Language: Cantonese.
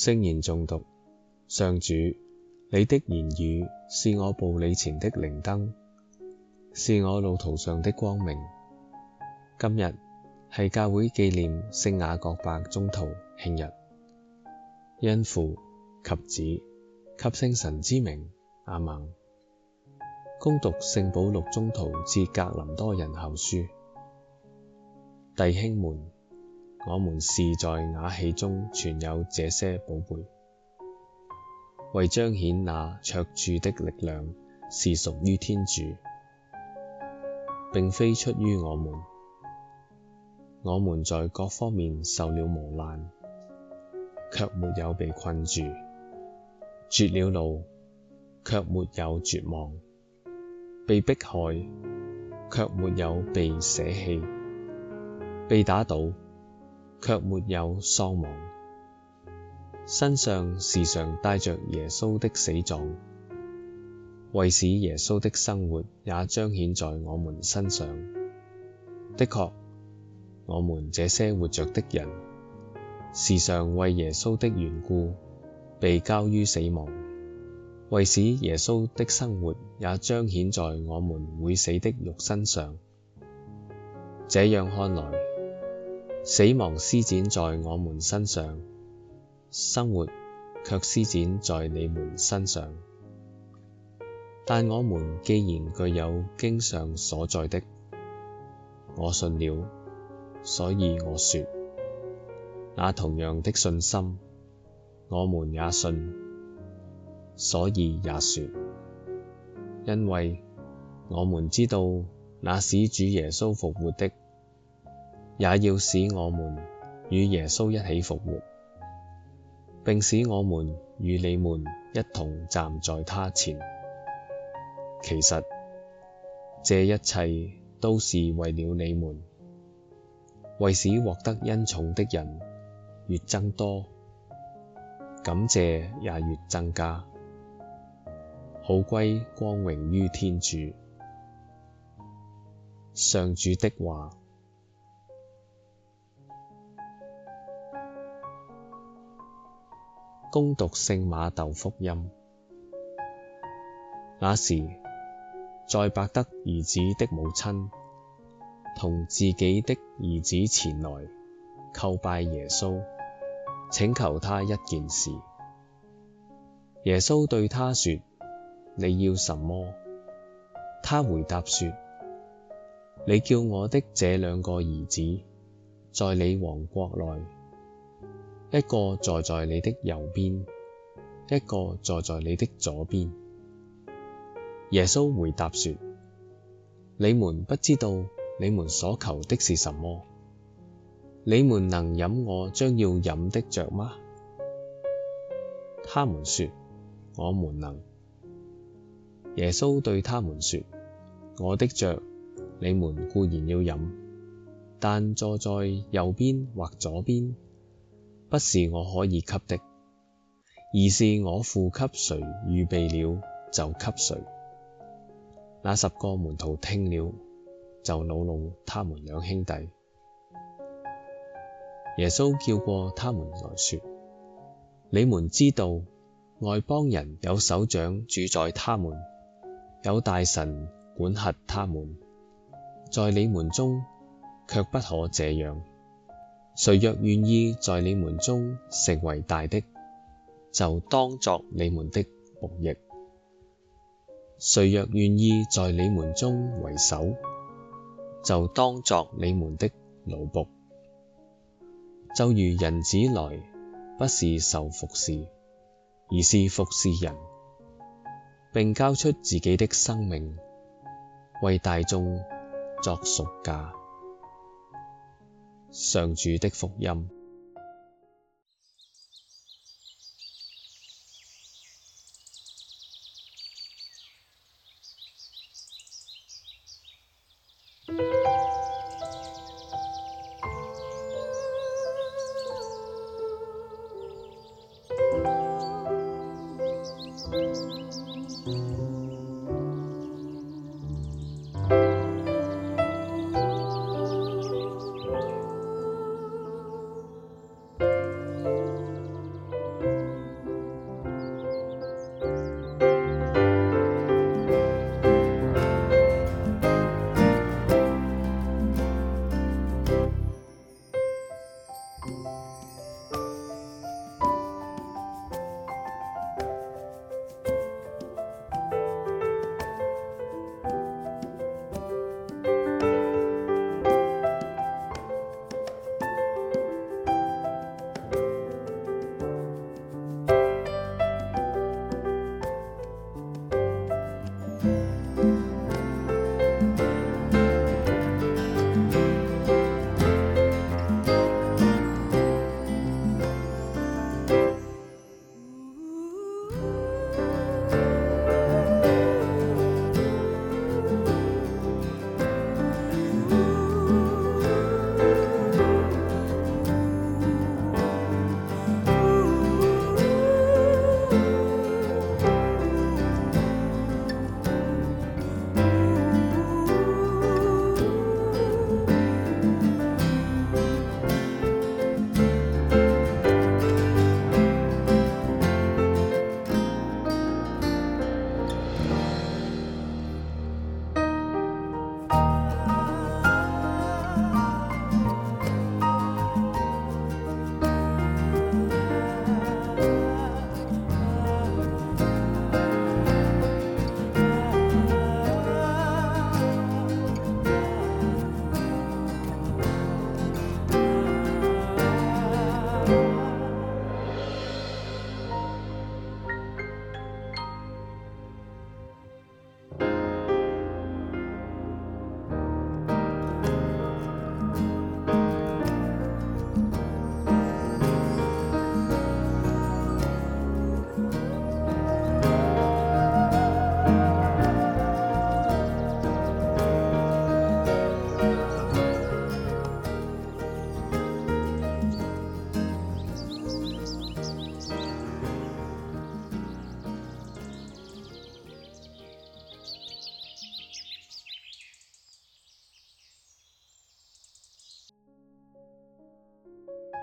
聖言誦讀，上主，你的言語是我步履前的靈燈，是我路途上的光明。今日係教會紀念聖雅各伯宗徒慶日，因父及子及聖神之名，阿們。恭讀聖保祿宗徒至格林多人後書，弟兄們。我們是在瓦器中存有這些寶貝，為彰顯那卓著的力量是屬於天主，並非出於我們。我們在各方面受了磨難，卻沒有被困住；絕了路，卻沒有絕望；被迫害，卻沒有被捨棄；被打倒，卻沒有喪亡，身上時常帶着耶穌的死狀，為使耶穌的生活也彰顯在我們身上。的確，我們這些活着的人，時常為耶穌的緣故被交於死亡，為使耶穌的生活也彰顯在我們會死的肉身上。這樣看來，死亡施展在我們身上，生活卻施展在你們身上。但我們既然具有經上所載的，我信了，所以我說，那同樣的信心，我們也信，所以也說，因為我們知道那使主耶穌復活的。也要使我們與耶穌一起復活，並使我們與你們一同站在他前。其實，這一切都是為了你們，為使獲得恩寵的人越增多，感謝也越增加。好歸光榮於天主。上主的話。恭讀聖瑪竇福音。那時，載伯德兒子的母親同自己的兒子前來叩拜耶穌，請求他一件事。耶穌對她說：你要什麼？她回答說：你叫我的這兩個兒子在你王國內。一個坐在你的右邊，一個坐在你的左邊。耶穌回答說：你們不知道你們所求的是什麼。你們能飲我將要飲的爵嗎？他們說：我們能。耶穌對他們說：我的爵你們固然要飲，但坐在右邊或左邊。不是我可以給的，而是我父給誰預備了，就給誰。那十個門徒聽了，就惱怒他們兩兄弟。耶穌叫過他們來說：你們知道，外邦人有首長主宰他們，有大臣管轄他們，在你們中卻不可這樣。誰若願意在你們中成為大的，就當作你們的僕役；誰若願意在你們中為首，就當作你們的奴僕。就如人子來，不是受服侍，而是服侍人，並交出自己的生命，為大眾作贖價。上主的福音。